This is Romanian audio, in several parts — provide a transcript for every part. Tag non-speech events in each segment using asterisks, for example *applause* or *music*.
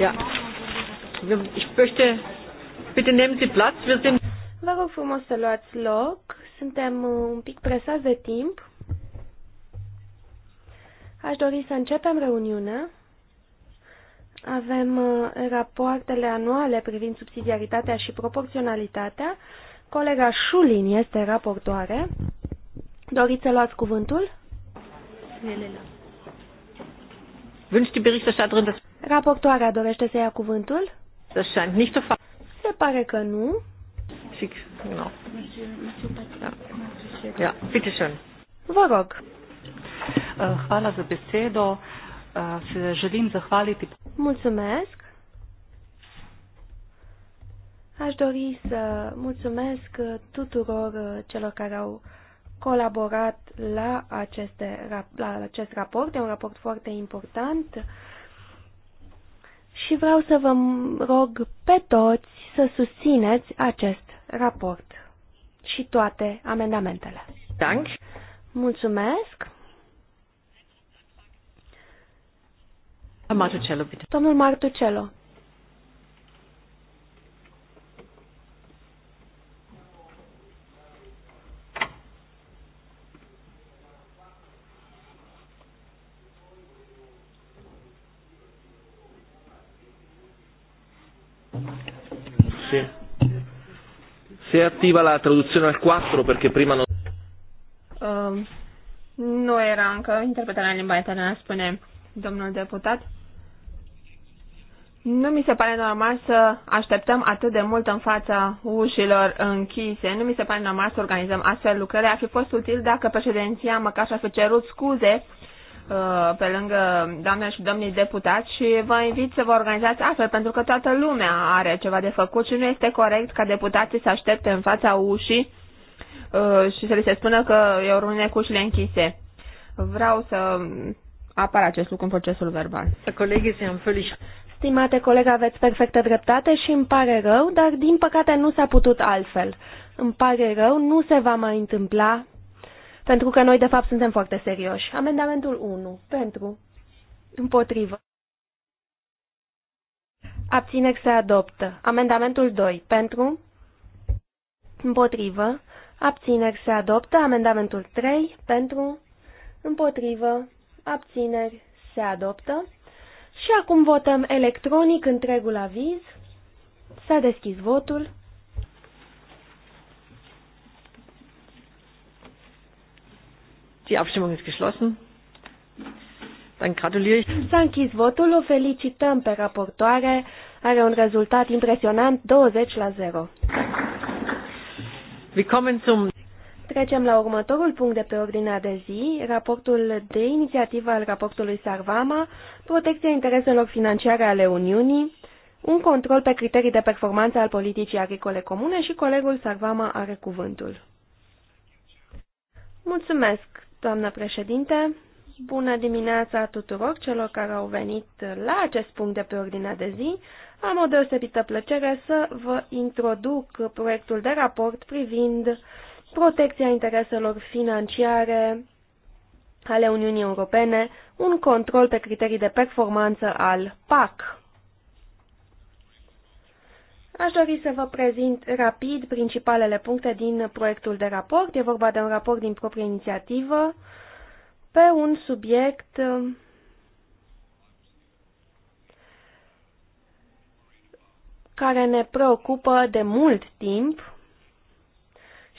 Ja. Ich möchte, bitte nehmen Sie Platz, wir sind... Vă rog frumos să luați loc. Suntem un pic presați de timp. Aș dori să începem reuniunea. Avem uh, rapoartele anuale privind subsidiaritatea și proporționalitatea. Colega Șulin este raportoare. Doriți să luați cuvântul? Wünscht die Berichterstatterin das Raportoarea dorește să ia cuvântul? Se pare că nu. Fix. nu. Ja, bitte schön. Vă rog. Eh, hvala za besedo. Eh, se želim zahvaliti. Mulțumesc. Aș dori să mulțumesc tuturor eh, celor care au colaborat la, aceste, la acest raport. E un raport foarte important și vreau să vă rog pe toți să susțineți acest raport și toate amendamentele. Dank. Mulțumesc. Martucello, Domnul Martucelo. Se Se attiva la traduzione al 4 perché prima non... Uh, nu era încă interpretarea în limba italiană, spune domnul deputat. Nu mi se pare normal să așteptăm atât de mult în fața ușilor închise. Nu mi se pare normal să organizăm astfel lucrări. Ar fi fost util dacă președinția măcar și-ar fi cerut scuze Uh, pe lângă doamne și domnii deputați și vă invit să vă organizați astfel, pentru că toată lumea are ceva de făcut și nu este corect ca deputații să aștepte în fața ușii uh, și să li se spună că e o rune cu ușile închise. Vreau să apară acest lucru în procesul verbal. Colegii, sunt felici. Stimate coleg, aveți perfectă dreptate și îmi pare rău, dar din păcate nu s-a putut altfel. Îmi pare rău, nu se va mai întâmpla pentru că noi de fapt suntem foarte serioși. Amendamentul 1. Pentru. Împotrivă. Abțineri se adoptă. Amendamentul 2. Pentru. Împotrivă. Abțineri se adoptă. Amendamentul 3. Pentru. Împotrivă. Abțineri se adoptă. Și acum votăm electronic întregul aviz. S-a deschis votul. Die Abstimmung ist geschlossen. Dann gratuliere ich. S-a închis votul, o felicităm pe raportoare. Are un rezultat impresionant, 20 la 0. Wir kommen zum Trecem la următorul punct de pe ordinea de zi, raportul de inițiativă al raportului Sarvama, protecția intereselor financiare ale Uniunii, un control pe criterii de performanță al politicii agricole comune și colegul Sarvama are cuvântul. Mulțumesc, Doamnă președinte, bună dimineața tuturor celor care au venit la acest punct de pe ordinea de zi. Am o deosebită plăcere să vă introduc proiectul de raport privind protecția intereselor financiare ale Uniunii Europene, un control pe criterii de performanță al PAC. Aș dori să vă prezint rapid principalele puncte din proiectul de raport. E vorba de un raport din proprie inițiativă pe un subiect uh, care ne preocupă de mult timp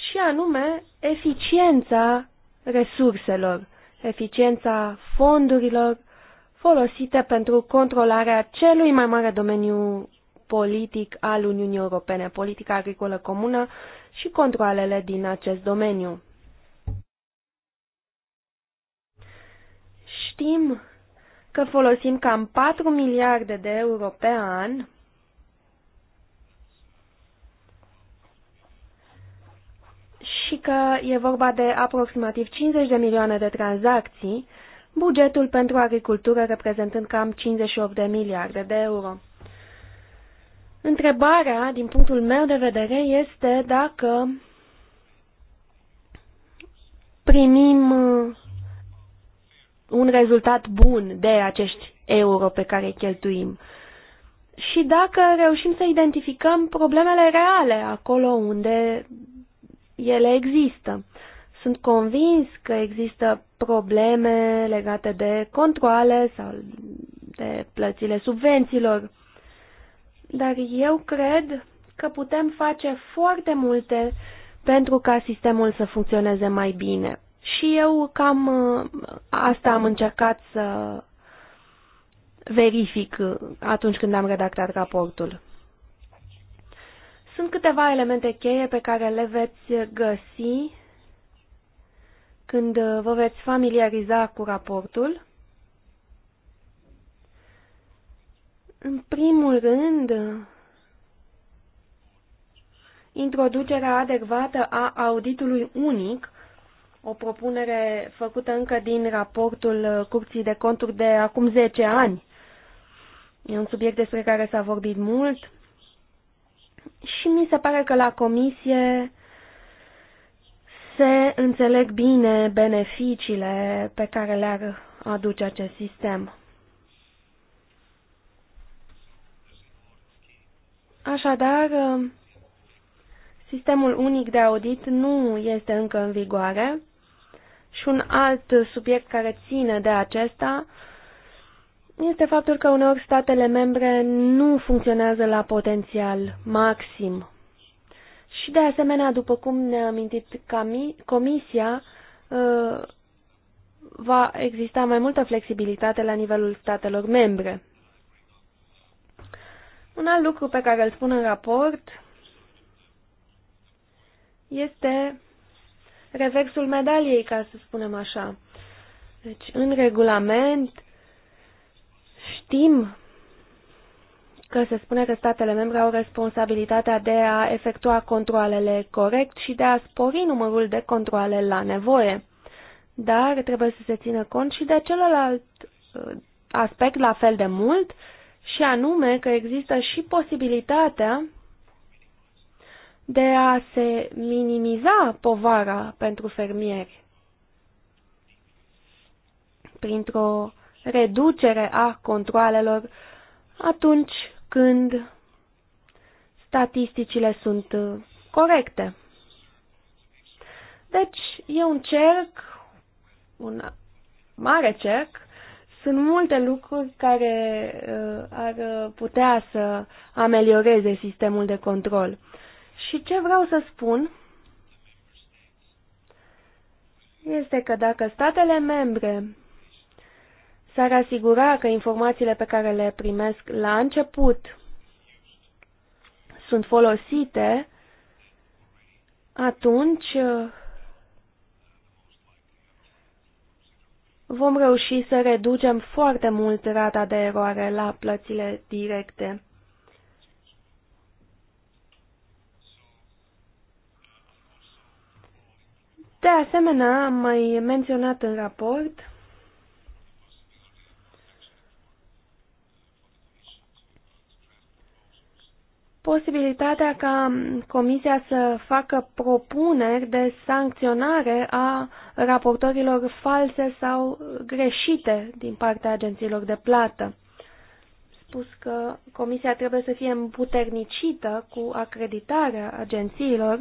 și anume eficiența resurselor, eficiența fondurilor folosite pentru controlarea celui mai mare domeniu politic al Uniunii Europene, politica agricolă comună și controlele din acest domeniu. Știm că folosim cam 4 miliarde de euro pe an și că e vorba de aproximativ 50 de milioane de tranzacții, bugetul pentru agricultură reprezentând cam 58 de miliarde de euro. Întrebarea, din punctul meu de vedere, este dacă primim uh, un rezultat bun de acești euro pe care îi cheltuim și dacă reușim să identificăm problemele reale acolo unde ele există. Sunt convins că există probleme legate de controle sau de plățile subvențiilor dar eu cred că putem face foarte multe pentru ca sistemul să funcționeze mai bine. Și eu cam uh, asta am încercat să verific uh, atunci când am redactat raportul. Sunt câteva elemente cheie pe care le veți găsi când uh, vă veți familiariza cu raportul. În primul rând, introducerea adecvată a auditului unic, o propunere făcută încă din raportul Curții de Conturi de acum 10 ani. E un subiect despre care s-a vorbit mult și mi se pare că la comisie se înțeleg bine beneficiile pe care le-ar aduce acest sistem. Așadar, uh, sistemul unic de audit nu este încă în vigoare și un alt subiect care ține de acesta este faptul că uneori statele membre nu funcționează la potențial maxim. Și de asemenea, după cum ne-a amintit Comisia, uh, va exista mai multă flexibilitate la nivelul statelor membre. Un alt lucru pe care îl spun în raport este reversul medaliei, ca să spunem așa. Deci, în regulament știm că se spune că statele membre au responsabilitatea de a efectua controlele corect și de a spori numărul de controle la nevoie. Dar trebuie să se țină cont și de celălalt uh, aspect la fel de mult, și anume că există și posibilitatea de a se minimiza povara pentru fermieri printr-o reducere a controalelor atunci când statisticile sunt corecte. Deci, e un cerc, un mare cerc, sunt multe lucruri care uh, ar putea să amelioreze sistemul de control. Și ce vreau să spun este că dacă statele membre s-ar asigura că informațiile pe care le primesc la început sunt folosite, atunci uh, vom reuși să reducem foarte mult rata de eroare la plățile directe. De asemenea, am mai menționat în raport posibilitatea ca Comisia să facă propuneri de sancționare a raportorilor false sau greșite din partea agențiilor de plată. Spus că Comisia trebuie să fie împuternicită cu acreditarea agențiilor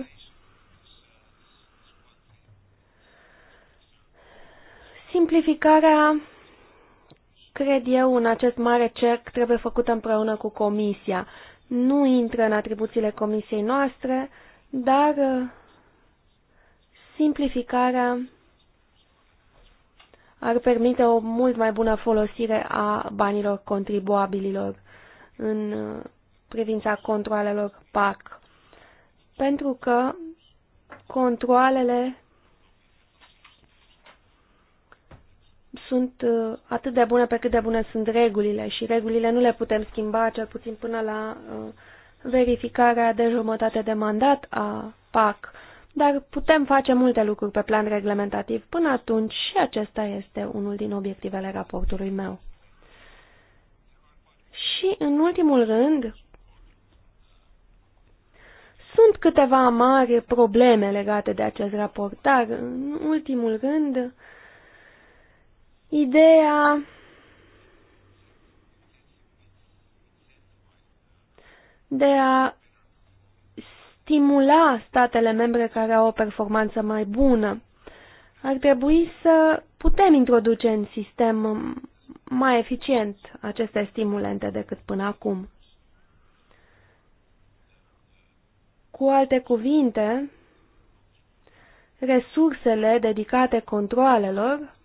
Simplificarea, cred eu, în acest mare cerc trebuie făcută împreună cu Comisia nu intră în atribuțiile comisiei noastre, dar uh, simplificarea ar permite o mult mai bună folosire a banilor contribuabililor în uh, privința controalelor PAC. Pentru că controalele sunt uh, atât de bune pe cât de bune sunt regulile și regulile nu le putem schimba, cel puțin până la uh, verificarea de jumătate de mandat a PAC, dar putem face multe lucruri pe plan reglementativ până atunci și acesta este unul din obiectivele raportului meu. Și, în ultimul rând, sunt câteva mari probleme legate de acest raport, dar, în ultimul rând, Ideea de a stimula statele membre care au o performanță mai bună. Ar trebui să putem introduce în sistem mai eficient aceste stimulente decât până acum. Cu alte cuvinte, resursele dedicate controalelor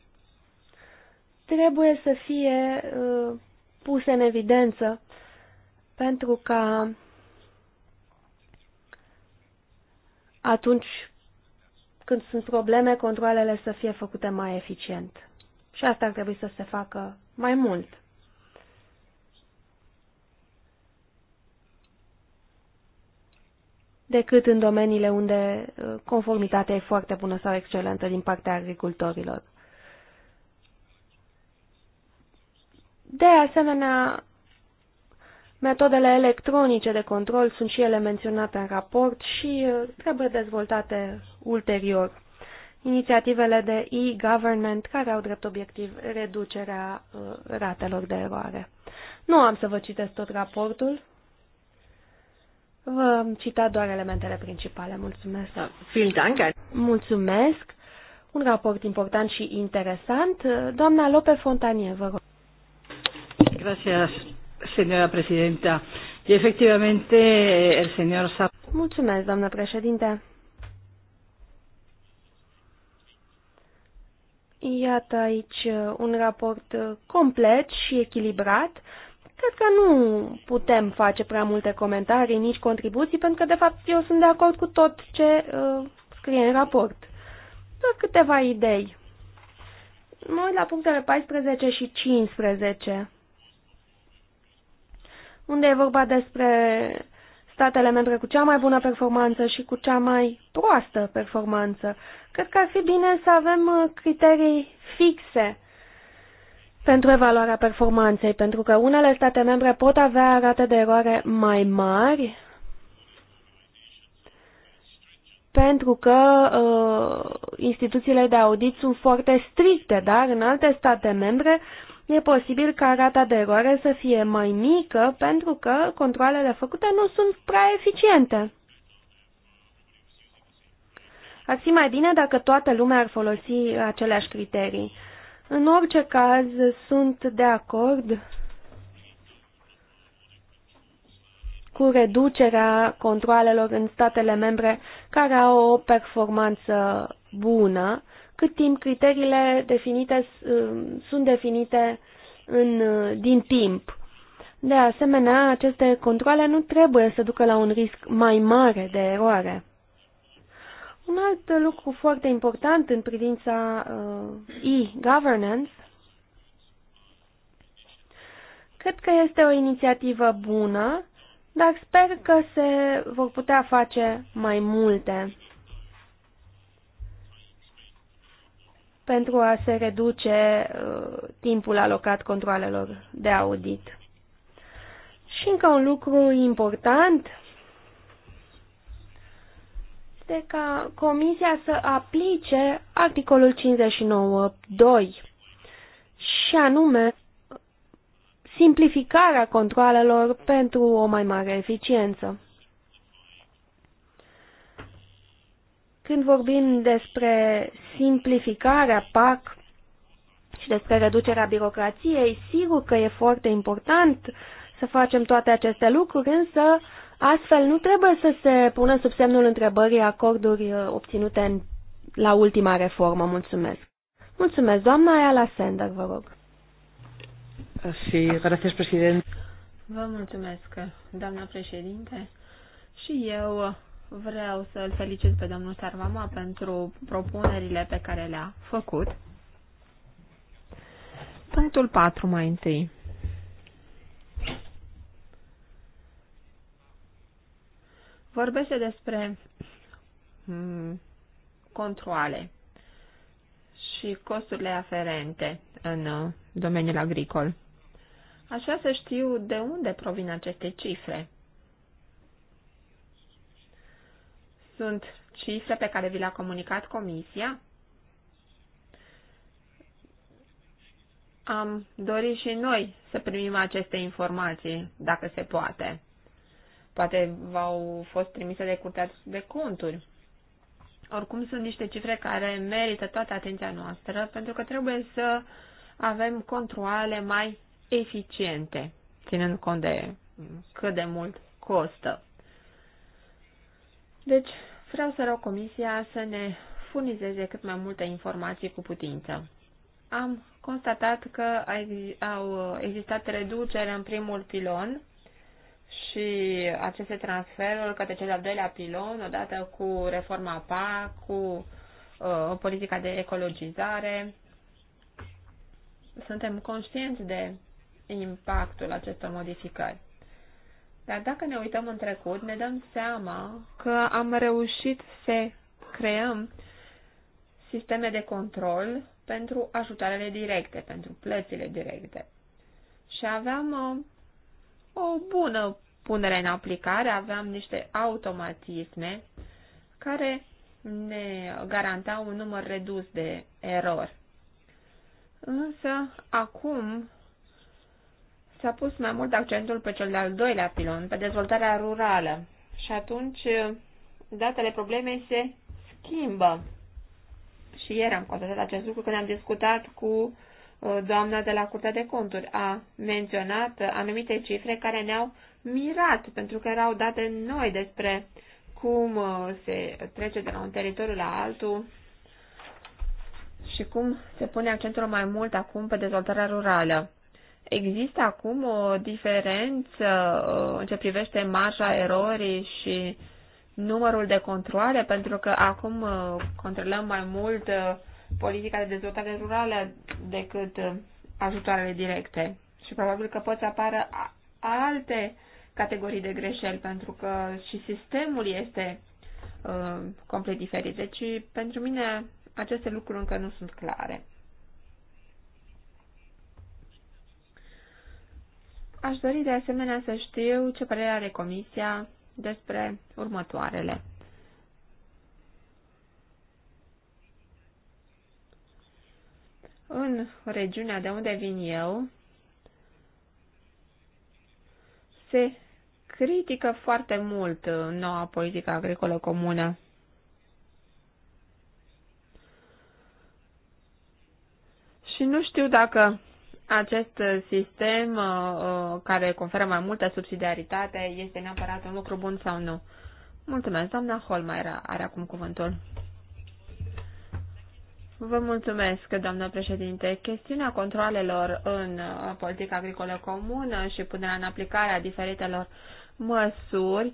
trebuie să fie uh, puse în evidență pentru ca atunci când sunt probleme, controlele să fie făcute mai eficient. Și asta ar trebui să se facă mai mult. decât în domeniile unde uh, conformitatea e foarte bună sau excelentă din partea agricultorilor. De asemenea, metodele electronice de control sunt și ele menționate în raport și uh, trebuie dezvoltate ulterior. Inițiativele de e-government care au drept obiectiv reducerea uh, ratelor de eroare. Nu am să vă citesc tot raportul. Vă cita doar elementele principale. Mulțumesc. Da, Mulțumesc. Un raport important și interesant. Doamna Lope Fontanie, vă rog. Gracias, señora presidenta. Y efectivamente, el señor Mulțumesc, doamnă președinte. Iată aici uh, un raport uh, complet și echilibrat. Cred că nu putem face prea multe comentarii, nici contribuții, pentru că, de fapt, eu sunt de acord cu tot ce uh, scrie în raport. Doar câteva idei. Mă uit la punctele 14 și 15 unde e vorba despre statele membre cu cea mai bună performanță și cu cea mai proastă performanță. Cred că ar fi bine să avem uh, criterii fixe pentru evaluarea performanței, pentru că unele state membre pot avea rate de eroare mai mari pentru că uh, instituțiile de audit sunt foarte stricte, dar în alte state membre uh, e posibil ca rata de eroare să fie mai mică pentru că controlele făcute nu sunt prea eficiente. Ar fi mai bine dacă toată lumea ar folosi aceleași criterii. În orice caz, sunt de acord cu reducerea controalelor în statele membre care au o performanță bună cât timp criteriile definite um, sunt definite în, uh, din timp. De asemenea, aceste controle nu trebuie să ducă la un risc mai mare de eroare. Un alt lucru foarte important în privința uh, e-governance, cred că este o inițiativă bună, dar sper că se vor putea face mai multe. pentru a se reduce uh, timpul alocat controalelor de audit. Și încă un lucru important este ca Comisia să aplice articolul 59.2 și anume simplificarea controalelor pentru o mai mare eficiență. Când vorbim despre simplificarea PAC și despre reducerea birocrației, sigur că e foarte important să facem toate aceste lucruri, însă astfel nu trebuie să se pună sub semnul întrebării acorduri uh, obținute în, la ultima reformă. Mulțumesc. Mulțumesc, doamna Ayala Sender, vă rog. Sí, gracias, președinte. Vă mulțumesc, doamna președinte. Și eu Vreau să-l felicit pe domnul Sarvama pentru propunerile pe care le-a făcut. Punctul 4 mai întâi. Vorbește despre mm, controle și costurile aferente în uh, domeniul agricol. Aș vrea să știu de unde provin aceste cifre. Sunt cifre pe care vi le-a comunicat Comisia. Am dorit și noi să primim aceste informații, dacă se poate. Poate v-au fost trimise de curtea de conturi. Oricum sunt niște cifre care merită toată atenția noastră, pentru că trebuie să avem controale mai eficiente, ținând cont de cât de mult costă. Deci, vreau să rog Comisia să ne furnizeze cât mai multe informații cu putință. Am constatat că au existat reduceri în primul pilon și aceste transferuri către cel de-al doilea pilon, odată cu reforma PAC, cu uh, politica de ecologizare. Suntem conștienți de impactul acestor modificări. Dar dacă ne uităm în trecut, ne dăm seama că am reușit să creăm sisteme de control pentru ajutarele directe, pentru plățile directe. Și aveam o, uh, o bună punere în aplicare, aveam niște automatisme care ne garantau un număr redus de erori. Însă, acum s-a pus mai mult accentul pe cel de-al doilea pilon, pe dezvoltarea rurală. Și atunci datele problemei se schimbă. Și ieri am constatat acest lucru când am discutat cu uh, doamna de la Curtea de Conturi. A menționat anumite cifre care ne-au mirat, pentru că erau date noi despre cum uh, se trece de la un teritoriu la altul și cum se pune accentul mai mult acum pe dezvoltarea rurală. Există acum o diferență uh, în ce privește marja erorii și numărul de controle, pentru că acum uh, controlăm mai mult uh, politica de dezvoltare rurală decât ajutoarele directe. Și probabil că pot să apară alte categorii de greșeli, pentru că și sistemul este complet diferit. Deci, pentru mine, aceste lucruri încă nu sunt clare. Aș dori de asemenea să știu ce părere are Comisia despre următoarele. În regiunea de unde vin eu, se critică foarte mult noua politică agricolă comună. Și nu știu dacă acest sistem uh, uh, care conferă mai multă subsidiaritate este neapărat un lucru bun sau nu. Mulțumesc, doamna Holmeier are acum cuvântul. Vă mulțumesc, doamnă președinte. Chestiunea controlelor în uh, politica agricolă comună și punerea în aplicare a diferitelor măsuri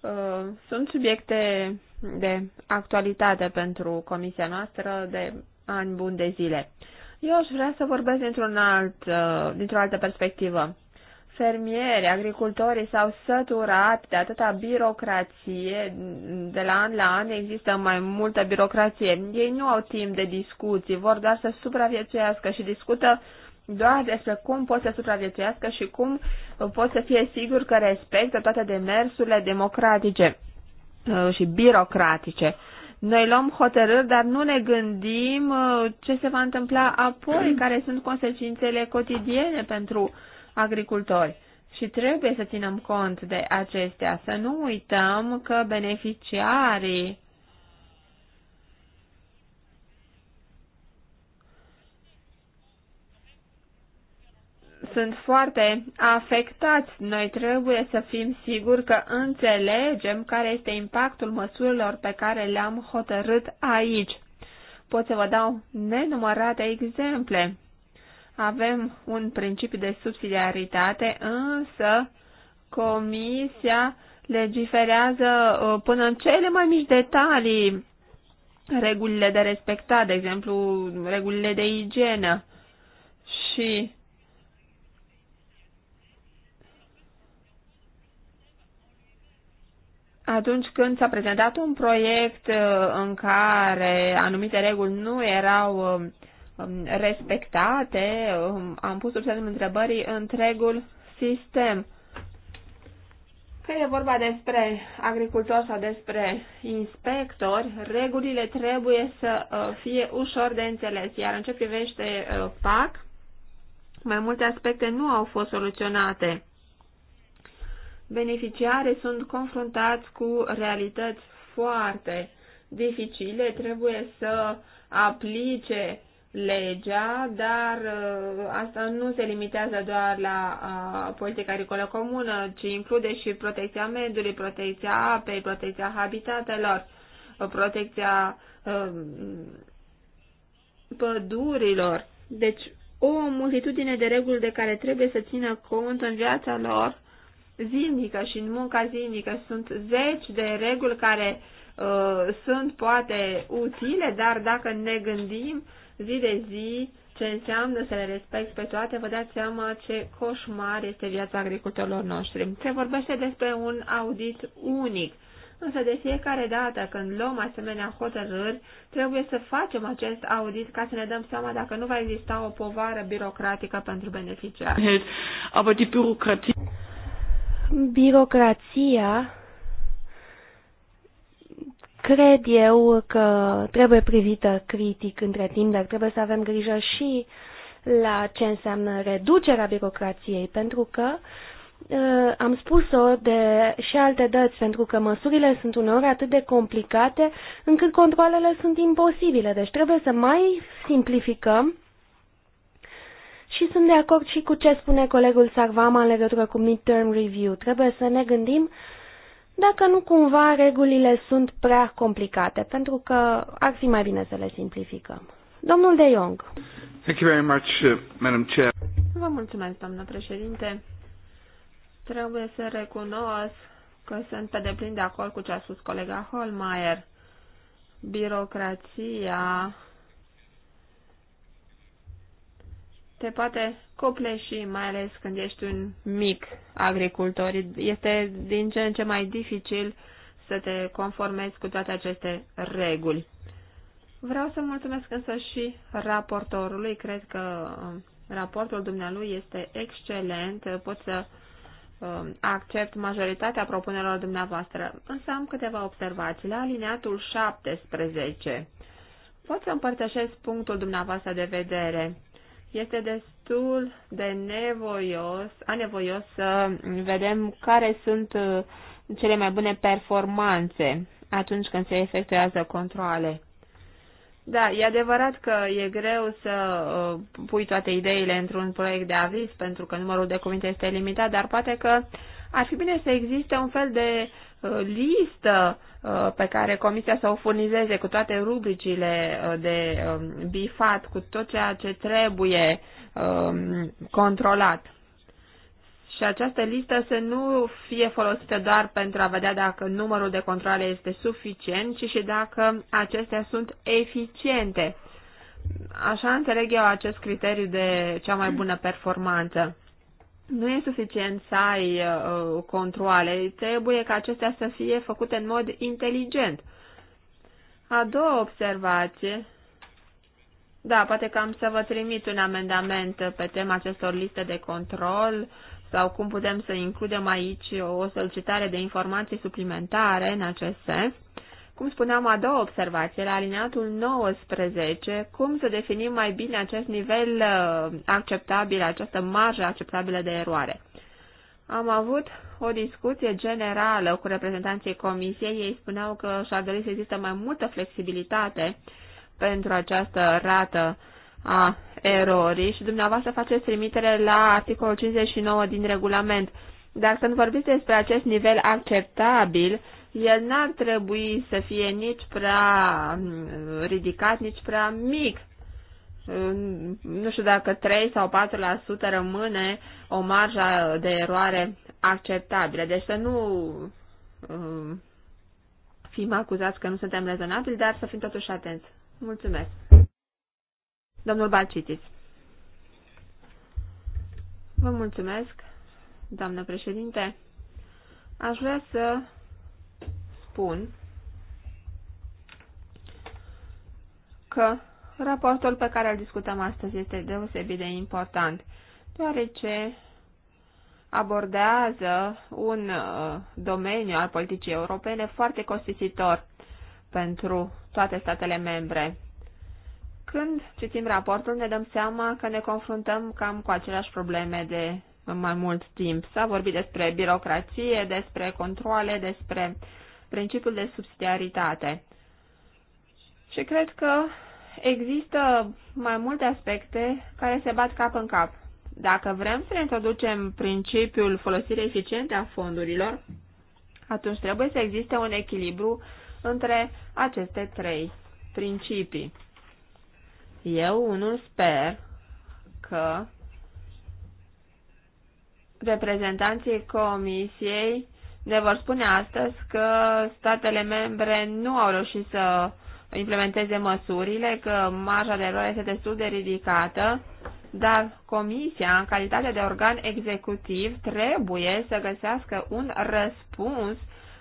uh, sunt subiecte de actualitate pentru comisia noastră de ani buni de zile. Eu aș vrea să vorbesc dintr-un alt, uh, dintr-o altă perspectivă. Fermieri, agricultorii s-au săturat de atâta birocrație, de la an la an există mai multă birocrație. Ei nu au timp de discuții, vor doar să supraviețuiască și discută doar despre cum pot să supraviețuiască și cum pot să fie sigur că respectă toate demersurile democratice uh, și birocratice. Noi luăm hotărâri, dar nu ne gândim uh, ce se va întâmpla apoi, *clears throat* care sunt consecințele cotidiene pentru agricultori. Și trebuie să ținem cont de acestea, să nu uităm că beneficiarii sunt foarte afectați. Noi trebuie să fim siguri că înțelegem care este impactul măsurilor pe care le-am hotărât aici. Pot să vă dau nenumărate exemple. Avem un principiu de subsidiaritate, însă Comisia legiferează uh, până în cele mai mici detalii regulile de respectat, de exemplu regulile de igienă. Și atunci când s-a prezentat un proiect uh, în care anumite reguli nu erau um, um, respectate, um, am pus sub semnul întrebării întregul sistem. Că e vorba despre agricultori sau despre inspectori, regulile trebuie să uh, fie ușor de înțeles, iar în ce privește uh, PAC, mai multe aspecte nu au fost soluționate beneficiare sunt confruntați cu realități foarte dificile, trebuie să aplice legea, dar uh, asta nu se limitează doar la uh, politica agricolă comună, ci include și protecția mediului, protecția apei, protecția habitatelor, protecția uh, pădurilor. Deci, o multitudine de reguli de care trebuie să țină cont în viața lor zilnică și în munca zilnică. Sunt zeci de reguli care uh, sunt poate utile, dar dacă ne gândim zi de zi ce înseamnă să le respecti pe toate, vă dați seama ce coșmar este viața agricultorilor noștri. Se vorbește despre un audit unic. Însă de fiecare dată când luăm asemenea hotărâri, trebuie să facem acest audit ca să ne dăm seama dacă nu va exista o povară birocratică pentru beneficiari. Birocrația cred eu că trebuie privită critic între timp, dar trebuie să avem grijă și la ce înseamnă reducerea birocrației, pentru că ă, am spus-o de și alte dăți, pentru că măsurile sunt uneori atât de complicate încât controlele sunt imposibile. Deci trebuie să mai simplificăm și sunt de acord și cu ce spune colegul Sarvama în legătură cu midterm review. Trebuie să ne gândim dacă nu cumva regulile sunt prea complicate, pentru că ar fi mai bine să le simplificăm. Domnul De Jong. Thank you very much, uh, Madam Chair. Vă mulțumesc, doamnă președinte. Trebuie să recunosc că sunt pe deplin de acord cu ce a spus colega Holmeier. Birocrația se poate și mai ales când ești un mic agricultor. Este din ce în ce mai dificil să te conformezi cu toate aceste reguli. Vreau să mulțumesc însă și raportorului. Cred că um, raportul dumnealui este excelent. Pot să um, accept majoritatea propunerilor dumneavoastră, însă am câteva observații. La alineatul 17 pot să împărtășesc punctul dumneavoastră de vedere este destul de nevoios, anevoios să vedem care sunt uh, cele mai bune performanțe atunci când se efectuează controle. Da, e adevărat că e greu să uh, pui toate ideile într-un proiect de aviz pentru că numărul de cuvinte este limitat, dar poate că ar fi bine să existe un fel de Uh, listă uh, pe care comisia să o furnizeze cu toate rubricile uh, de um, bifat, cu tot ceea ce trebuie um, controlat. Și această listă să nu fie folosită doar pentru a vedea dacă numărul de controle este suficient, ci și dacă acestea sunt eficiente. Așa înțeleg eu acest criteriu de cea mai bună performanță. Nu e suficient să ai uh, controle, trebuie ca acestea să fie făcute în mod inteligent. A doua observație, da, poate că am să vă trimit un amendament pe tema acestor liste de control sau cum putem să includem aici o solicitare de informații suplimentare în acest sens. Cum spuneam, a doua observație, la alineatul 19, cum să definim mai bine acest nivel uh, acceptabil, această marjă acceptabilă de eroare. Am avut o discuție generală cu reprezentanții comisiei. Ei spuneau că și-ar dori să există mai multă flexibilitate pentru această rată a erorii și dumneavoastră faceți trimitere la articolul 59 din regulament. Dar când vorbiți despre acest nivel acceptabil, el n-ar trebui să fie nici prea mm, ridicat, nici prea mic. Mm, nu știu dacă 3 sau 4% rămâne o marjă de eroare acceptabilă. Deci să nu mm, fim acuzați că nu suntem rezonabili, dar să fim totuși atenți. Mulțumesc. Domnul Balcitis. Vă mulțumesc, doamnă președinte. Aș vrea să spun că raportul pe care îl discutăm astăzi este deosebit de important, deoarece abordează un uh, domeniu al politicii europene foarte costisitor pentru toate statele membre. Când citim raportul, ne dăm seama că ne confruntăm cam cu aceleași probleme de mai mult timp. S-a vorbit despre birocrație, despre controle, despre principiul de subsidiaritate. Și cred că există mai multe aspecte care se bat cap în cap. Dacă vrem să introducem principiul folosirii eficiente a fondurilor, atunci trebuie să existe un echilibru între aceste trei principii. Eu unul sper că reprezentanții comisiei ne vor spune astăzi că statele membre nu au reușit să implementeze măsurile, că marja de eroare este destul de ridicată, dar Comisia, în calitate de organ executiv, trebuie să găsească un răspuns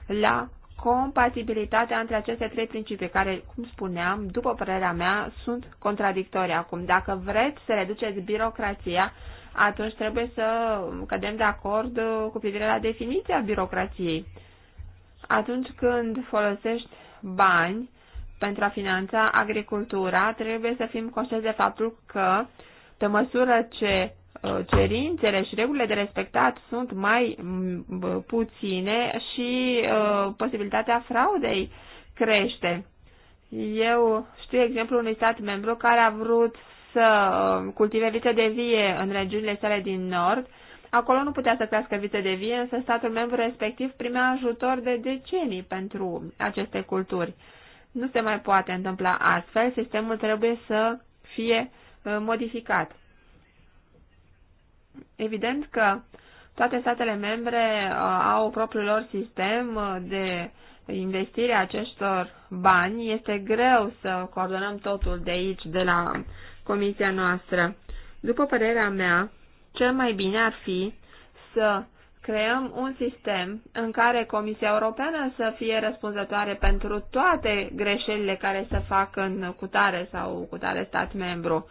la compatibilitatea între aceste trei principii, care, cum spuneam, după părerea mea, sunt contradictorii acum. Dacă vreți să reduceți birocrația, atunci trebuie să cădem de acord cu privire la definiția birocrației. Atunci când folosești bani pentru a finanța agricultura, trebuie să fim conștienți de faptul că, pe măsură ce uh, cerințele și regulile de respectat sunt mai mm, puține și uh, posibilitatea fraudei crește. Eu știu exemplul unui stat membru care a vrut să um, cultive vite de vie în regiunile sale din nord, acolo nu putea să crească vite de vie, însă statul membru respectiv primea ajutor de decenii pentru aceste culturi. Nu se mai poate întâmpla astfel, sistemul trebuie să fie uh, modificat. Evident că toate statele membre uh, au propriul lor sistem uh, de investire a acestor bani. Este greu să coordonăm totul de aici, de la comisia noastră. După părerea mea, cel mai bine ar fi să creăm un sistem în care Comisia Europeană să fie răspunzătoare pentru toate greșelile care se fac în cutare sau cutare stat membru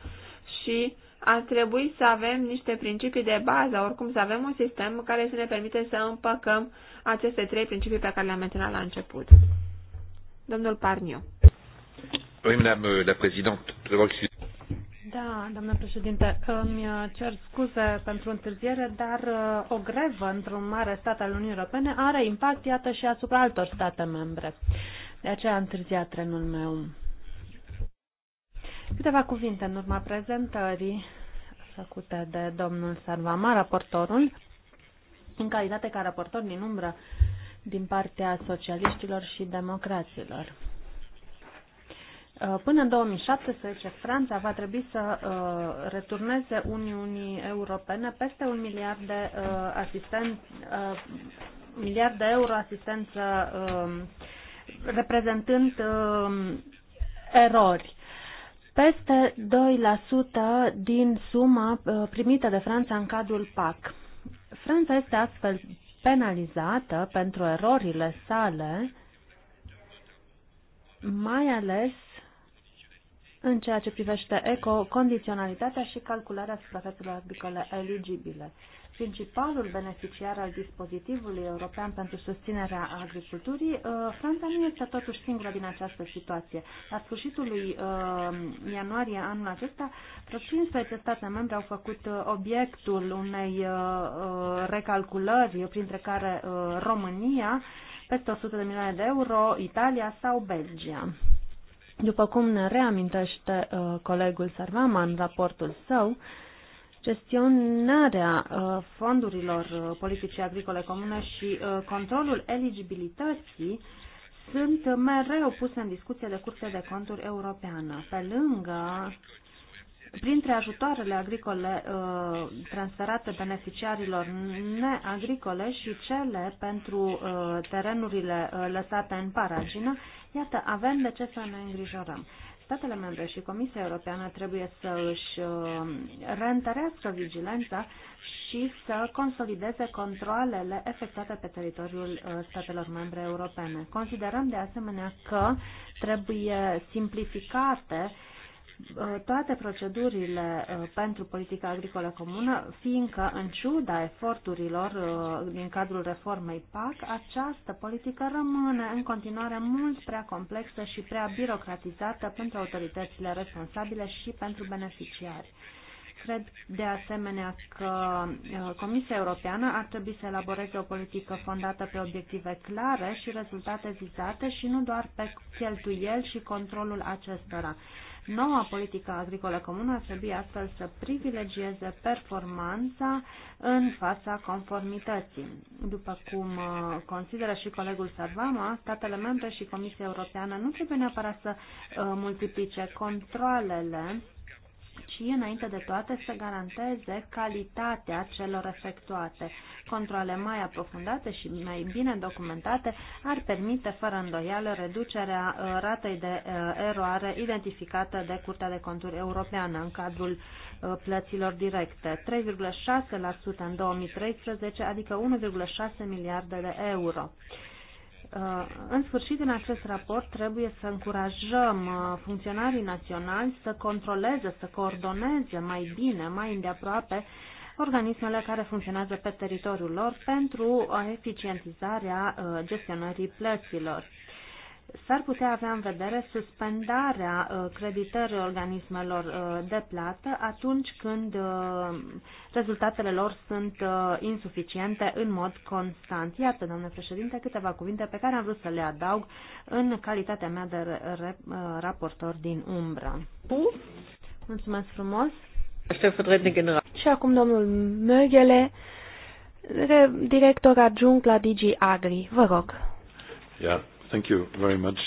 și ar trebui să avem niște principii de bază, oricum să avem un sistem care să ne permite să împăcăm aceste trei principii pe care le-am menționat la început. Domnul Parniu. Oui, madame la présidente. Da, doamnă președinte, îmi uh, cer scuze pentru întârziere, dar uh, o grevă într-un mare stat al Uniunii Europene are impact, iată, și asupra altor state membre. De aceea a întârziat trenul meu. Câteva cuvinte în urma prezentării făcute de domnul Sarvama, raportorul, în calitate ca raportor din umbră din partea socialiștilor și democraților. Uh, până în 2017, Franța va trebui să uh, returneze Uniunii Europene peste un miliard de, uh, asisten, miliard de euro asistență, um, reprezentând um, erori. Peste 2% din suma primită de Franța în cadrul PAC. Franța este astfel penalizată pentru erorile sale, mai ales în ceea ce privește eco-condiționalitatea și calcularea suprafețelor agricole eligibile. Principalul beneficiar al dispozitivului european pentru susținerea agriculturii, uh, Franța nu este totuși singura din această situație. La sfârșitul lui uh, ianuarie anul acesta, vreo 15 state membre au făcut uh, obiectul unei recalculări, printre care România, peste 100 de milioane de euro, Italia sau Belgia. După cum ne reamintește uh, colegul Sarvama în raportul său, gestionarea uh, fondurilor uh, politicii agricole comune și uh, controlul eligibilității sunt mereu puse în discuție de Curtea de Conturi Europeană, pe lângă Printre ajutoarele agricole uh, transferate beneficiarilor neagricole și cele pentru uh, terenurile uh, lăsate în paragină, iată, avem de ce să ne îngrijorăm statele membre și Comisia Europeană trebuie să își reîntărească vigilența și să consolideze controlele efectuate pe teritoriul statelor membre europene. Considerăm de asemenea că trebuie simplificate Uh, toate procedurile uh, pentru politica agricolă comună, fiindcă, în ciuda eforturilor uh, din cadrul reformei PAC, această politică rămâne în continuare mult prea complexă și prea birocratizată pentru autoritățile responsabile și pentru beneficiari. Cred de asemenea că Comisia Europeană ar trebui să elaboreze o politică fondată pe obiective clare și rezultate vizate și nu doar pe cheltuieli și controlul acestora. Noua politică agricolă comună ar trebui astfel să privilegieze performanța în fața conformității. După cum uh, consideră și colegul Sarvama, statele membre și Comisia Europeană nu trebuie neapărat să uh, multiplice controlele și, înainte de toate, să garanteze calitatea celor efectuate. Controle mai aprofundate și mai bine documentate ar permite, fără îndoială, reducerea uh, ratei de uh, eroare identificată de Curtea de Conturi Europeană în cadrul uh, plăților directe, 3,6% în 2013, adică 1,6 miliarde de euro. Uh, în sfârșit, în acest raport trebuie să încurajăm uh, funcționarii naționali să controleze, să coordoneze mai bine, mai îndeaproape organismele care funcționează pe teritoriul lor pentru eficientizarea uh, gestionării plăților s-ar putea avea în vedere suspendarea uh, creditării organismelor uh, de plată atunci când uh, rezultatele lor sunt insuficiente în mod constant. Iată, domnule președinte, câteva cuvinte pe care am vrut să le adaug în calitatea mea de raportor din umbră. Mulțumesc frumos! Și acum domnul Mögele, director adjunct la DG Agri. Vă rog. Yeah. Thank you very much.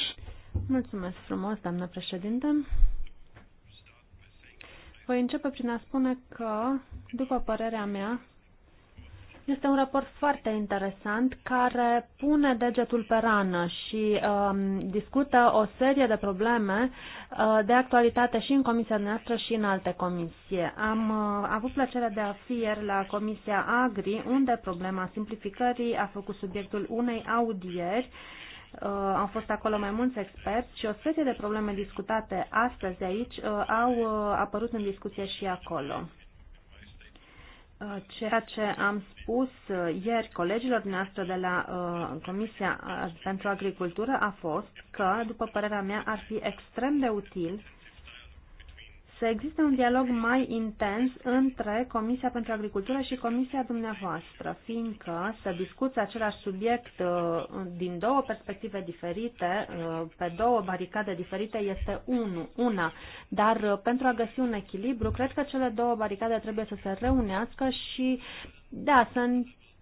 Mulțumesc frumos, doamnă președinte. Voi începe prin a spune că, după părerea mea, este un raport foarte interesant care pune degetul pe rană și um, discută o serie de probleme uh, de actualitate și în comisia noastră și în alte comisie. Am uh, avut plăcerea de a fi ieri la Comisia Agri, unde problema simplificării a făcut subiectul unei audieri uh, Uh, au fost acolo mai mulți experți și o serie de probleme discutate astăzi aici uh, au uh, apărut în discuție și acolo. Ceea ce am spus ieri colegilor noastre de la Comisia pentru Agricultură a fost că, după părerea mea, ar fi extrem de util să existe un dialog mai intens între Comisia pentru Agricultură și Comisia dumneavoastră, fiindcă să discuți același subiect uh, din două perspective diferite, uh, pe două baricade diferite, este unu, una. Dar uh, pentru a găsi un echilibru, cred că cele două baricade trebuie să se reunească și, da, să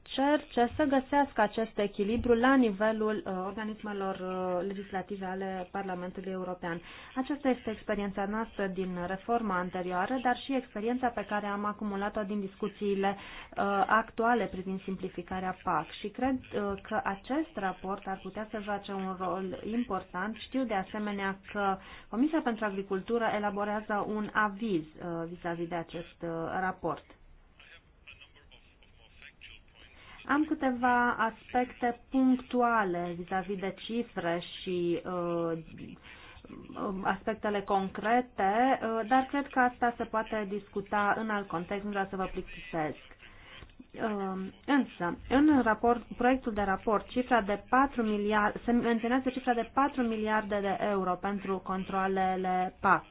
încerce să găsească acest echilibru la nivelul uh, organismelor uh, legislative ale Parlamentului European. Aceasta este experiența noastră din reforma anterioară, dar și experiența pe care am acumulat-o din discuțiile uh, actuale privind simplificarea PAC și cred uh, că acest raport ar putea să joace un rol important. Știu de asemenea că Comisia pentru Agricultură elaborează un aviz uh, vis-a-vis uh, -vis de acest uh, raport. Am câteva aspecte punctuale vis-a-vis -vis de cifre și uh, um, aspectele concrete, uh, dar cred că asta se poate discuta în alt context, nu vreau să vă plictisesc. Uh, însă, în raport, proiectul de raport, cifra de 4 miliarde, se menționează cifra de 4 miliarde de euro pentru controlele PAC.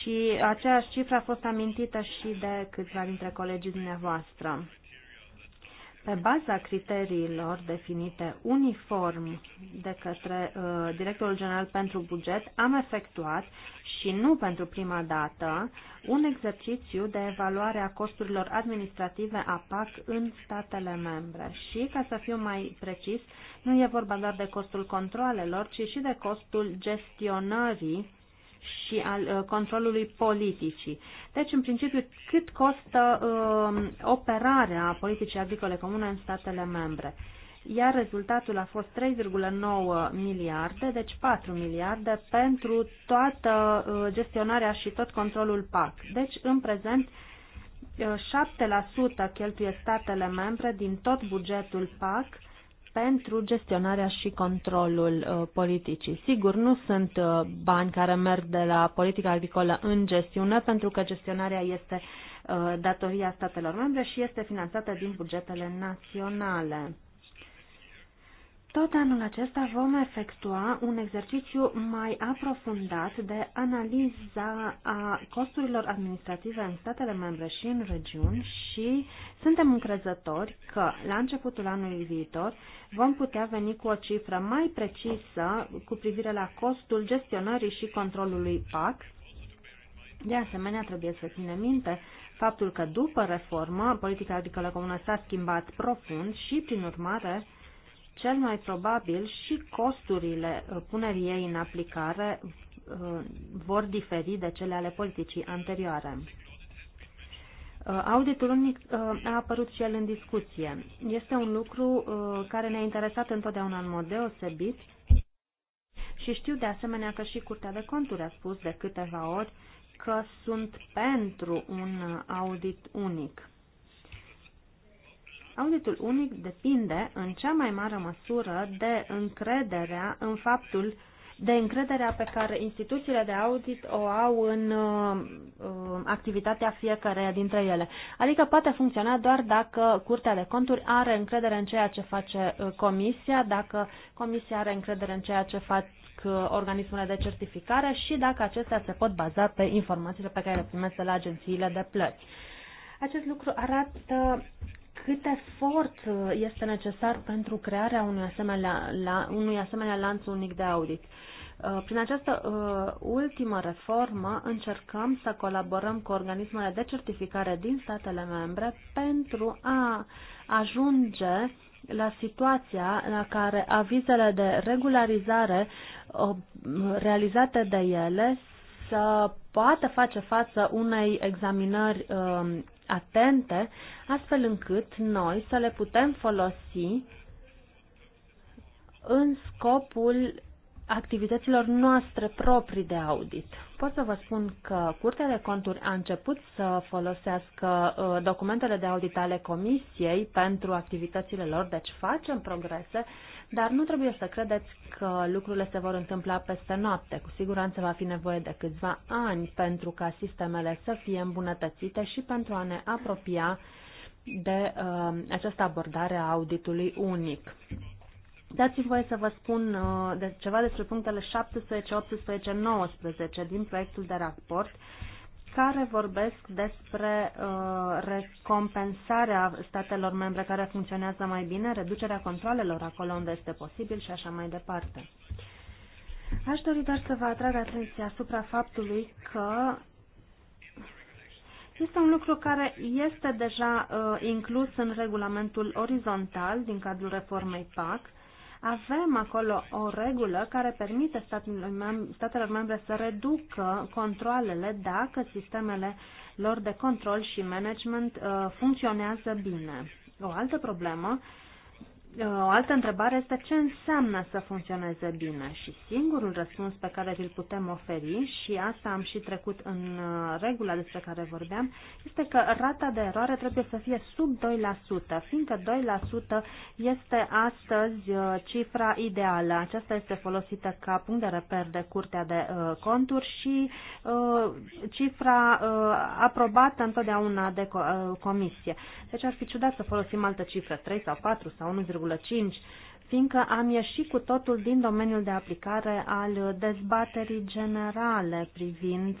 Și aceeași cifră a fost amintită și de câțiva dintre colegii dumneavoastră. Pe baza criteriilor definite uniform de către uh, Directorul General pentru Buget, am efectuat și nu pentru prima dată un exercițiu de evaluare a costurilor administrative a PAC în statele membre. Și, ca să fiu mai precis, nu e vorba doar de costul controlelor, ci și de costul gestionării și al uh, controlului politicii. Deci, în principiu, cât costă uh, operarea politicii agricole comune în statele membre. Iar rezultatul a fost 3,9 miliarde, deci 4 miliarde pentru toată uh, gestionarea și tot controlul PAC. Deci, în prezent, 7% uh, cheltuie statele membre din tot bugetul PAC pentru gestionarea și controlul uh, politicii. Sigur, nu sunt uh, bani care merg de la politica agricolă în gestiune, pentru că gestionarea este uh, datoria statelor membre și este finanțată din bugetele naționale. Tot anul acesta vom efectua un exercițiu mai aprofundat de analiza a costurilor administrative în statele membre și în regiuni și suntem încrezători că la începutul anului viitor vom putea veni cu o cifră mai precisă cu privire la costul gestionării și controlului PAC. De asemenea, trebuie să ținem minte faptul că după reformă, politica agricolă comună s-a schimbat profund și, prin urmare, cel mai probabil și costurile uh, punerii ei în aplicare uh, vor diferi de cele ale politicii anterioare. Uh, auditul unic a apărut și el în discuție. Este un lucru care ne-a interesat întotdeauna în mod deosebit și știu de asemenea că și Curtea de Conturi a spus de câteva ori că sunt pentru un audit unic. Auditul unic depinde în cea mai mare măsură de încrederea în faptul de încrederea pe care instituțiile de audit o au în uh, uh activitatea fiecare dintre ele. Adică poate funcționa doar dacă Curtea de Conturi are încredere în ceea ce face uh, Comisia, dacă Comisia are încredere în ceea ce fac uh, organismele de certificare și dacă acestea se pot baza pe informațiile pe care le primesc de la agențiile de plăți. Acest lucru arată cât efort uh, este necesar pentru crearea unui asemenea, la, unui asemenea lanț unic de audit. Uh, prin această uh, ultimă reformă încercăm să colaborăm cu organismele de certificare din statele membre pentru a ajunge la situația la care avizele de regularizare uh, realizate de ele să poată face față unei examinări uh, atente, astfel încât noi să le putem folosi în scopul activităților noastre proprii de audit. Pot să vă spun că Curtea de Conturi a început să folosească ă, documentele de audit ale Comisiei pentru activitățile lor, deci facem progrese dar nu trebuie să credeți că lucrurile se vor întâmpla peste noapte. Cu siguranță va fi nevoie de câțiva ani pentru ca sistemele să fie îmbunătățite și pentru a ne apropia de uh, această abordare a auditului unic. Dați-mi voie să vă spun uh, de ceva despre punctele 17, 18, 19 din proiectul de raport uh, care vorbesc despre uh, recompensarea statelor membre care funcționează mai bine, reducerea controlelor acolo unde este posibil și așa mai departe. Aș dori doar să vă atrag atenția asupra faptului că este un lucru care este deja uh, inclus în regulamentul orizontal din cadrul reformei PAC avem acolo o regulă care permite statelor membre să reducă controlele dacă sistemele lor de control și management uh, funcționează bine. O altă problemă o altă întrebare este ce înseamnă să funcționeze bine și singurul răspuns pe care vi-l putem oferi, și asta am și trecut în uh, regula despre care vorbeam, este că rata de eroare trebuie să fie sub 2%, fiindcă 2% este astăzi uh, cifra ideală. Aceasta este folosită ca punct de reper de Curtea de uh, Conturi și cifra aprobată întotdeauna de comisie. Deci ar fi ciudat să folosim altă cifră, 3 sau 4 sau 1, 1,5, fiindcă am ieșit cu totul din domeniul de aplicare al dezbaterii generale privind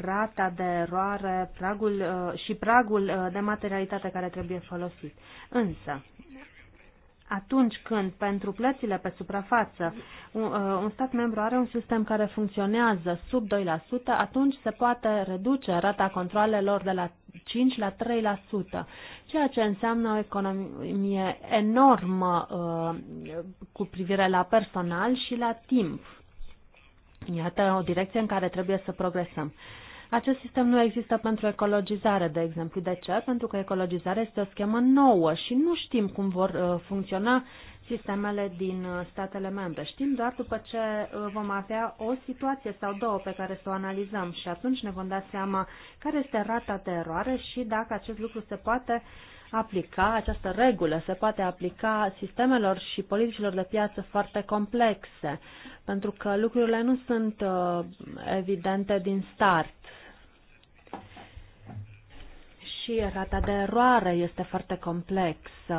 rata de eroare pragul, uh, și pragul uh, de materialitate care trebuie folosit. Însă, atunci când, pentru plățile pe suprafață, uh, un, stat membru are un sistem care funcționează sub 2%, atunci se poate reduce rata controlelor de la 5 la 3%, ceea ce înseamnă o economie enormă uh, cu privire la personal și la timp. Iată o direcție în care trebuie să progresăm. Acest sistem nu există pentru ecologizare, de exemplu. De ce? Pentru că ecologizarea este o schemă nouă și nu știm cum vor uh, funcționa sistemele din uh, statele membre. Știm doar după ce uh, vom avea o situație sau două pe care să o analizăm și atunci ne vom da seama care este rata de eroare și dacă acest lucru se poate aplica, această regulă se poate aplica sistemelor și politicilor de piață foarte complexe, pentru că lucrurile nu sunt evidente din start și rata de eroare este foarte complexă.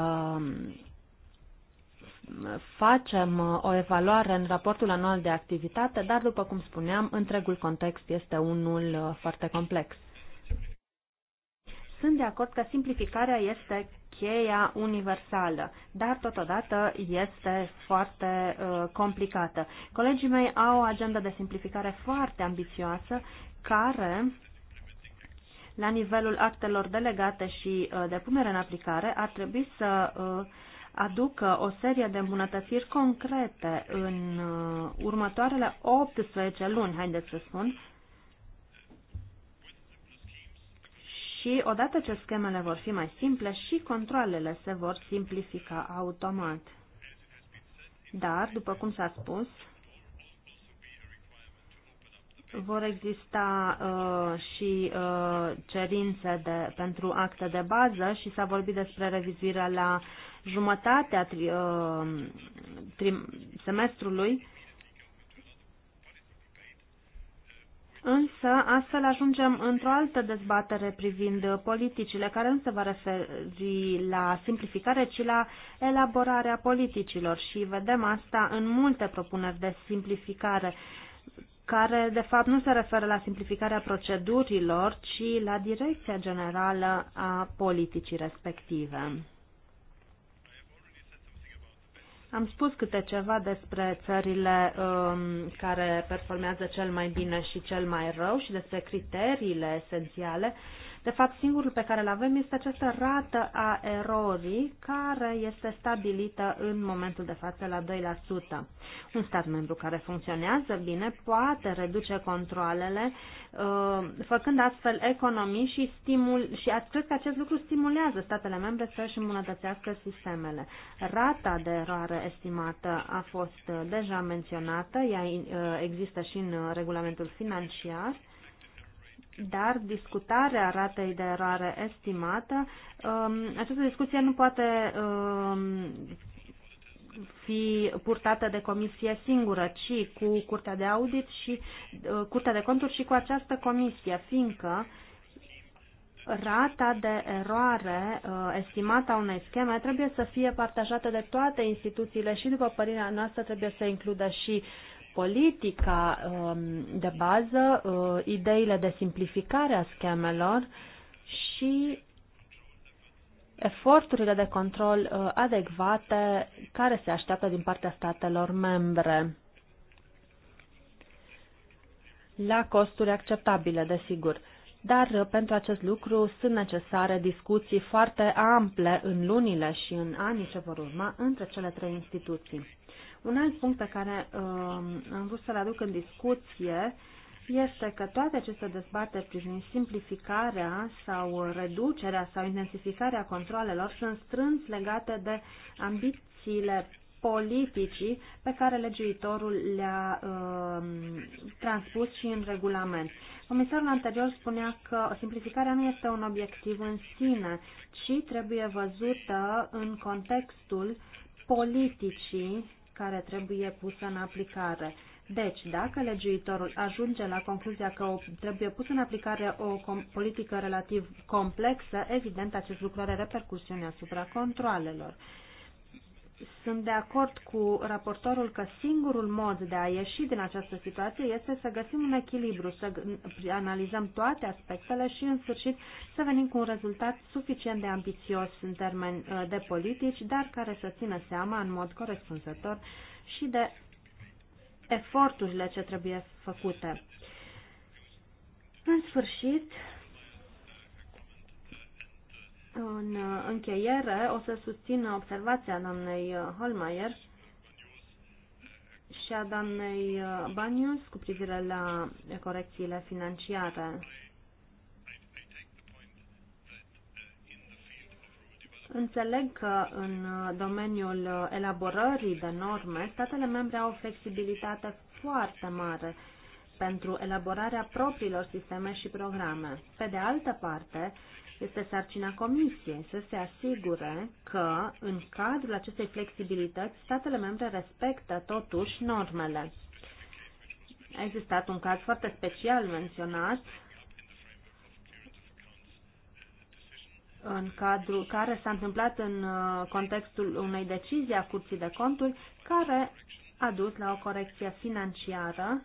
Facem uh, o evaluare în raportul anual de activitate, dar, după cum spuneam, întregul context este unul uh, foarte complex. Sunt de acord că simplificarea este cheia universală, dar totodată este foarte uh, complicată. Colegii mei au o agendă de simplificare foarte ambițioasă care la nivelul actelor delegate și uh, de punere în aplicare, ar trebui să uh, aducă o serie de îmbunătățiri concrete în uh, următoarele 18 luni, haideți să spun, și odată ce schemele vor fi mai simple și controlele se vor simplifica automat. Dar, după cum s-a spus, vor exista uh, și uh, cerințe de, pentru acte de bază și s-a vorbit despre revizuirea la jumătatea tri, uh, tri, semestrului, însă astfel ajungem într-o altă dezbatere privind politicile, care nu se va referi la simplificare, ci la elaborarea politicilor și vedem asta în multe propuneri de simplificare. Uh, care de fapt nu se referă la simplificarea procedurilor, ci la direcția generală a politicii respective. Am spus câte ceva despre țările um, care performează cel mai bine și cel mai rău și despre criteriile esențiale uh, de fapt, singurul pe care îl avem este această rată a erorii care este stabilită în momentul de față la 2%. Un stat membru care funcționează bine poate reduce controlele, uh, făcând astfel economii și stimul și cred că acest lucru stimulează statele membre să își îmbunătățească sistemele. Rata de eroare estimată a fost deja menționată, ea uh, există și în regulamentul financiar dar discutarea ratei de eroare estimată, um, această discuție nu poate um, fi purtată de comisie singură, ci cu Curtea de Audit și uh, Curtea de Conturi și cu această comisie, fiindcă rata de eroare uh, estimată a unei scheme trebuie să fie partajată de toate instituțiile și, după părerea noastră, trebuie să includă și uh, politica um, de bază, uh, ideile de simplificare a schemelor și eforturile de control uh, adecvate care se așteaptă din partea statelor membre la costuri acceptabile, desigur. Dar uh, pentru acest lucru sunt necesare discuții foarte ample în lunile și în anii ce vor urma între cele trei instituții. Un alt punct pe care uh, am vrut să-l aduc în discuție este că toate aceste dezbateri privind simplificarea sau reducerea sau intensificarea controlelor sunt strâns legate de ambițiile politicii pe care legiuitorul le-a uh, transpus și în regulament. Comisarul anterior spunea că simplificarea nu este un obiectiv în sine, ci trebuie văzută în contextul politicii care trebuie pusă în aplicare. Deci, dacă legiuitorul ajunge la concluzia că o, trebuie pusă în aplicare o com, politică relativ complexă, evident acest lucru are repercusiuni asupra controalelor. Sunt de acord cu raportorul că singurul mod de a ieși din această situație este să găsim un echilibru, să analizăm toate aspectele și, în sfârșit, să venim cu un rezultat suficient de ambițios în termeni uh, de politici, dar care să țină seama în mod corespunzător și de eforturile ce trebuie făcute. În sfârșit, în încheiere, o să susțin observația doamnei Holmeier și a doamnei Banius cu privire la corecțiile financiare. Înțeleg că în domeniul elaborării de norme, statele membre au o flexibilitate foarte mare pentru elaborarea propriilor sisteme și programe. Pe de altă parte, este sarcina Comisiei să se asigure că, în cadrul acestei flexibilități, statele membre respectă totuși normele. A existat un caz foarte special menționat în cadrul care s-a întâmplat în uh, contextul unei decizii a Curții de Conturi care a dus la o corecție financiară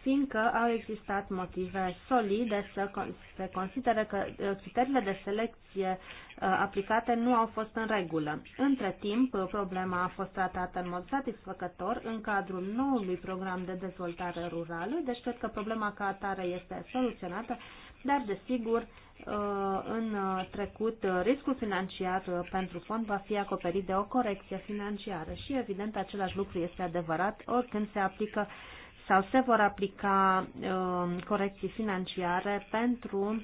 fiindcă au existat motive solide să se considere că uh, criteriile de selecție uh, aplicate nu au fost în regulă. Între timp, uh, problema a fost tratată în mod satisfăcător în cadrul noului program de dezvoltare rurală, deci cred că problema ca atare este soluționată, dar desigur, în trecut, riscul financiar pentru fond va fi acoperit de o corecție financiară și, evident, același lucru este adevărat oricând se aplică sau se vor aplica uh, corecții financiare pentru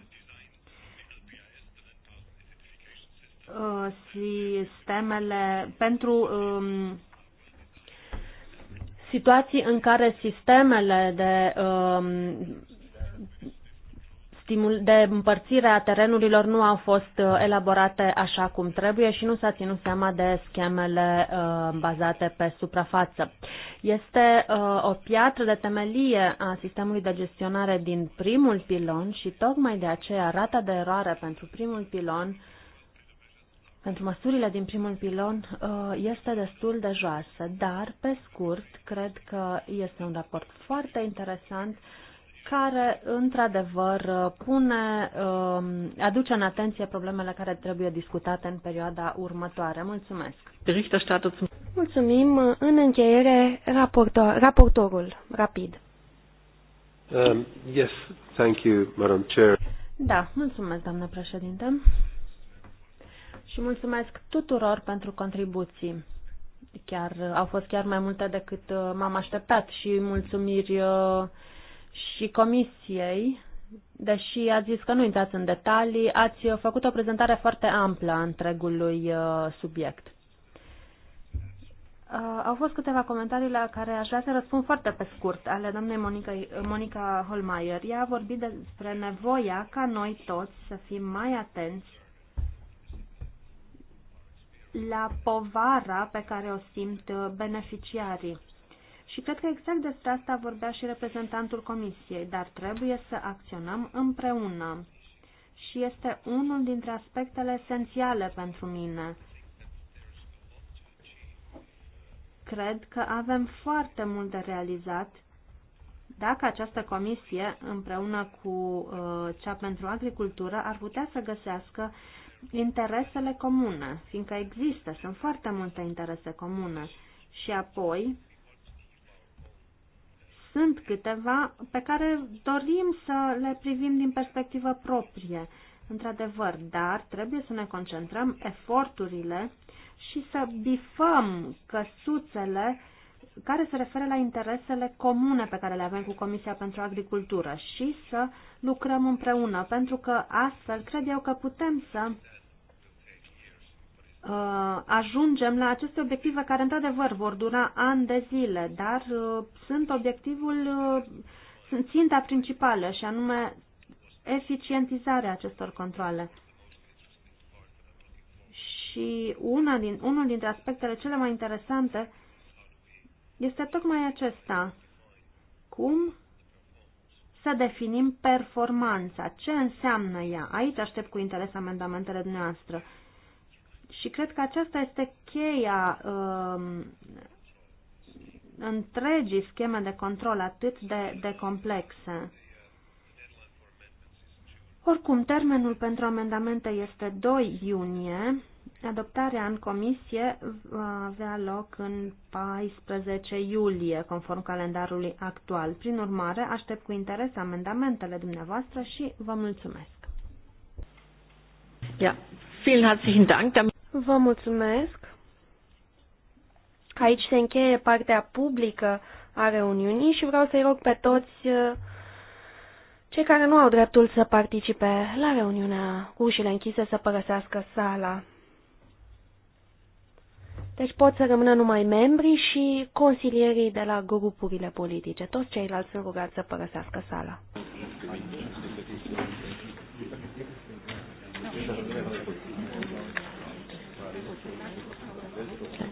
uh, sistemele pentru um, situații în care sistemele de um, stimul, de împărțire a terenurilor nu au fost uh, elaborate așa cum trebuie și nu s-a ținut seama de schemele uh, bazate pe suprafață. Este uh, o piatră de temelie a sistemului de gestionare din primul pilon și tocmai de aceea rata de eroare pentru primul pilon pentru măsurile din primul pilon uh, este destul de joasă, dar, pe scurt, cred că este un raport foarte interesant care într-adevăr pune, um, aduce în atenție problemele care trebuie discutate în perioada următoare. Mulțumesc! Mulțumim! În încheiere, raportor, raportorul, rapid. Um, yes, thank you, Madam Chair. Da, mulțumesc, doamnă președinte. Și mulțumesc tuturor pentru contribuții chiar au fost chiar mai multe decât uh, m-am așteptat și mulțumiri uh, și Comisiei, deși a zis că nu intrați în detalii, ați făcut o prezentare foarte amplă a întregului uh, subiect. Uh, au fost câteva comentarii la care aș vrea să răspund foarte pe scurt ale doamnei Monica, Monica Holmeier. Ea a vorbit despre nevoia ca noi toți să fim mai atenți la povara pe care o simt beneficiarii. Și cred că exact despre asta vorbea și reprezentantul Comisiei, dar trebuie să acționăm împreună. Și este unul dintre aspectele esențiale pentru mine. Cred că avem foarte mult de realizat dacă această comisie, împreună cu uh, cea pentru agricultură, ar putea să găsească interesele comune, fiindcă există, sunt foarte multe interese comune. Și apoi, sunt câteva pe care dorim să le privim din perspectivă proprie, într-adevăr, dar trebuie să ne concentrăm eforturile și să bifăm căsuțele care se referă la interesele comune pe care le avem cu Comisia pentru Agricultură și să lucrăm împreună, pentru că astfel cred eu că putem să Uh, ajungem la aceste obiective care, într-adevăr, vor dura ani de zile, dar uh, sunt obiectivul, uh, sunt ținta principală și anume eficientizarea acestor controle. Și una din, unul dintre aspectele cele mai interesante este tocmai acesta. Cum să definim performanța? Ce înseamnă ea? Aici aștept cu interes amendamentele dumneavoastră. Și cred că aceasta este cheia um, întregii scheme de control atât de, de complexe. Oricum, termenul pentru amendamente este 2 iunie. Adoptarea în comisie va avea loc în 14 iulie, conform calendarului actual. Prin urmare, aștept cu interes amendamentele dumneavoastră și vă mulțumesc. Ja, vielen herzlichen Dank. Vă mulțumesc. Aici se încheie partea publică a reuniunii și vreau să-i rog pe toți uh, cei care nu au dreptul să participe la reuniunea cu ușile închise să părăsească sala. Deci pot să rămână numai membrii și consilierii de la grupurile politice. Toți ceilalți sunt rugați să părăsească sala. Gracias.